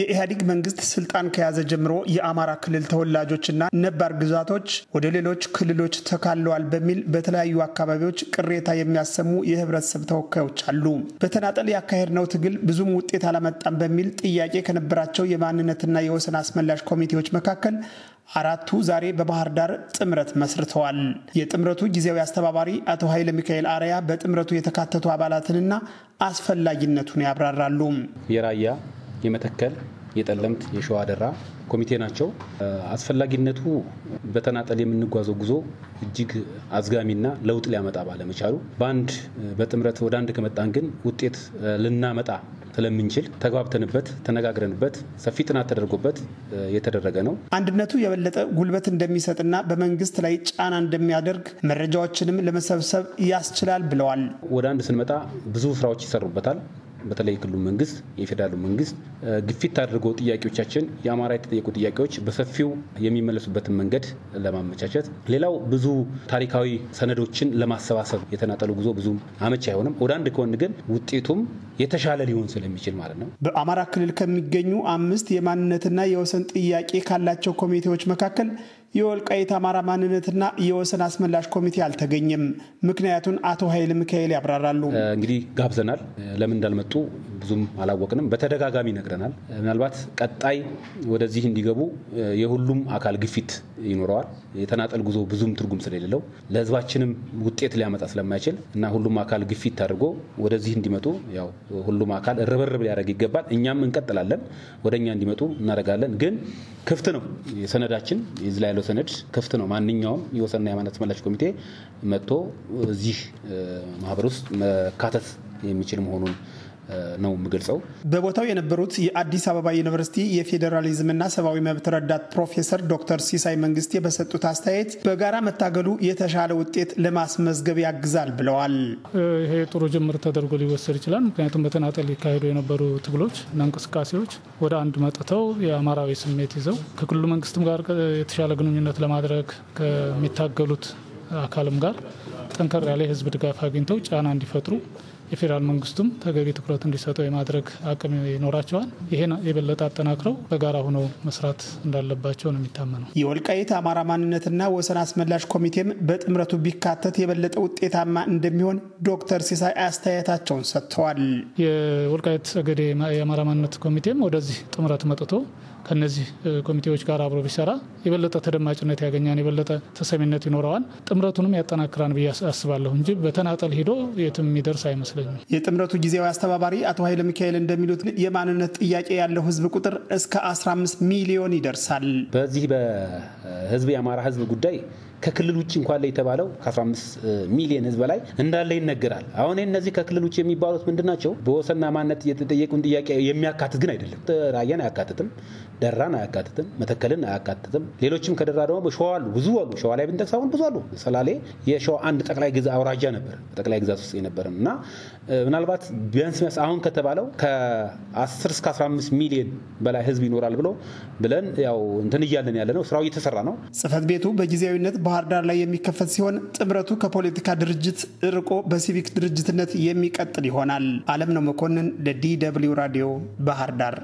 የኢህአዴግ መንግስት ስልጣን ከያዘ ጀምሮ የአማራ ክልል ተወላጆችና ነባር ግዛቶች ወደ ሌሎች ክልሎች ተካለዋል በሚል በተለያዩ አካባቢዎች ቅሬታ የሚያሰሙ የህብረተሰብ ተወካዮች አሉ። በተናጠል ያካሄድነው ትግል ብዙም ውጤት አላመጣም በሚል ጥያቄ ከነበራቸው የማንነትና የወሰን አስመላሽ ኮሚቴዎች መካከል አራቱ ዛሬ በባህር ዳር ጥምረት መስርተዋል። የጥምረቱ ጊዜያዊ አስተባባሪ አቶ ኃይለ ሚካኤል አርያ በጥምረቱ የተካተቱ አባላትንና አስፈላጊነቱን ያብራራሉ። የራያ የመተከል የጠለምት የሸዋ ደራ ኮሚቴ ናቸው። አስፈላጊነቱ በተናጠል የምንጓዘው ጉዞ እጅግ አዝጋሚና ለውጥ ሊያመጣ ባለመቻሉ በአንድ በጥምረት ወደ አንድ ከመጣን ግን ውጤት ልናመጣ ስለምንችል ተግባብተንበት ተነጋግረንበት ሰፊ ጥናት ተደርጎበት የተደረገ ነው። አንድነቱ የበለጠ ጉልበት እንደሚሰጥና በመንግስት ላይ ጫና እንደሚያደርግ መረጃዎችንም ለመሰብሰብ ያስችላል ብለዋል። ወደ አንድ ስንመጣ ብዙ ስራዎች ይሰሩበታል። በተለይ የክልሉ መንግስት የፌዴራሉ መንግስት ግፊት አድርጎ ጥያቄዎቻችን የአማራ የተጠየቁ ጥያቄዎች በሰፊው የሚመለሱበትን መንገድ ለማመቻቸት፣ ሌላው ብዙ ታሪካዊ ሰነዶችን ለማሰባሰብ የተናጠሉ ጉዞ ብዙ አመቺ አይሆንም። ወደ አንድ ከሆን ግን ውጤቱም የተሻለ ሊሆን ስለሚችል ማለት ነው። በአማራ ክልል ከሚገኙ አምስት የማንነትና የወሰን ጥያቄ ካላቸው ኮሚቴዎች መካከል የወልቃይት አማራ ማንነትና የወሰን አስመላሽ ኮሚቴ አልተገኘም። ምክንያቱን አቶ ኃይለ ሚካኤል ያብራራሉ። እንግዲህ ጋብዘናል። ለምን እንዳልመጡ ብዙም አላወቅንም። በተደጋጋሚ ነግረናል። ምናልባት ቀጣይ ወደዚህ እንዲገቡ የሁሉም አካል ግፊት ይኖረዋል። የተናጠል ጉዞ ብዙም ትርጉም ስለሌለው ለህዝባችንም ውጤት ሊያመጣ ስለማይችል እና ሁሉም አካል ግፊት አድርጎ ወደዚህ እንዲመጡ ያው ሁሉም አካል ርብርብ ሊያደርግ ይገባል። እኛም እንቀጥላለን፣ ወደ እኛ እንዲመጡ እናደርጋለን። ግን ክፍት ነው ሰነዳችን፣ እዚህ ላይ ያለው ሰነድ ክፍት ነው። ማንኛውም የወሰንና የማንነት ተመላሽ ኮሚቴ መጥቶ እዚህ ማህበር ውስጥ መካተት የሚችል መሆኑን ነው የምገልጸው። በቦታው የነበሩት የአዲስ አበባ ዩኒቨርሲቲ የፌዴራሊዝምና ሰብአዊ መብት ረዳት ፕሮፌሰር ዶክተር ሲሳይ መንግስቴ በሰጡት አስተያየት በጋራ መታገሉ የተሻለ ውጤት ለማስመዝገብ ያግዛል ብለዋል። ይሄ ጥሩ ጅምር ተደርጎ ሊወሰድ ይችላል። ምክንያቱም በተናጠል ሊካሄዱ የነበሩ ትግሎች እና እንቅስቃሴዎች ወደ አንድ መጥተው የአማራዊ ስሜት ይዘው ከክልሉ መንግስትም ጋር የተሻለ ግንኙነት ለማድረግ ከሚታገሉት አካልም ጋር ጠንከር ያለ የህዝብ ድጋፍ አግኝተው ጫና እንዲፈጥሩ የፌዴራል መንግስቱም ተገቢ ትኩረት እንዲሰጠው የማድረግ አቅም ይኖራቸዋል። ይሄን የበለጠ አጠናክረው በጋራ ሆነው መስራት እንዳለባቸው ነው የሚታመነው። የወልቃይት አማራ ማንነትና ወሰን አስመላሽ ኮሚቴም በጥምረቱ ቢካተት የበለጠ ውጤታማ እንደሚሆን ዶክተር ሲሳይ አስተያየታቸውን ሰጥተዋል። የወልቃይት ጠገዴ የአማራ ማንነት ኮሚቴም ወደዚህ ጥምረት መጥቶ ከነዚህ ኮሚቴዎች ጋር አብሮ ቢሰራ የበለጠ ተደማጭነት ያገኛል፣ የበለጠ ተሰሚነት ይኖረዋል፣ ጥምረቱንም ያጠናክራን ብዬ አስባለሁ እንጂ በተናጠል ሂዶ የትም የሚደርስ አይመስልም። አይመስለኝም። የጥምረቱ ጊዜያዊ አስተባባሪ አቶ ኃይለ ሚካኤል እንደሚሉት የማንነት ጥያቄ ያለው ህዝብ ቁጥር እስከ 15 ሚሊዮን ይደርሳል። በዚህ በህዝብ የአማራ ህዝብ ጉዳይ ከክልል ውጭ እንኳን ላይ የተባለው ከ15 ሚሊዮን ህዝብ በላይ እንዳለ ይነገራል። አሁን እነዚህ ከክልል ውጭ የሚባሉት ምንድን ናቸው? በወሰና ማነት የተጠየቁን ጥያቄ የሚያካትት ግን አይደለም። ራያን አያካትትም፣ ደራን አያካትትም፣ መተከልን አያካትትም። ሌሎችም ከደራ ደግሞ በሸዋ አሉ፣ ብዙ አሉ። ሸዋ ላይ ብንጠቅስ አሁን ብዙ አሉ። ሰላሌ የሸዋ አንድ ጠቅላይ ግዛ አውራጃ ነበር፣ ጠቅላይ ግዛት ውስጥ የነበረ እና ምናልባት ቢያንስ ቢያንስ አሁን ከተባለው ከ10 እስከ 15 ሚሊዮን በላይ ህዝብ ይኖራል ብሎ ብለን ያው እንትን እያለን ያለ ነው። ስራው እየተሰራ ነው። ጽህፈት ቤቱ በጊዜያዊነት ባህር ዳር ላይ የሚከፈት ሲሆን ጥምረቱ ከፖለቲካ ድርጅት ርቆ በሲቪክ ድርጅትነት የሚቀጥል ይሆናል። አለም ነው መኮንን ለዲ ደብልዩ ራዲዮ ባህር ዳር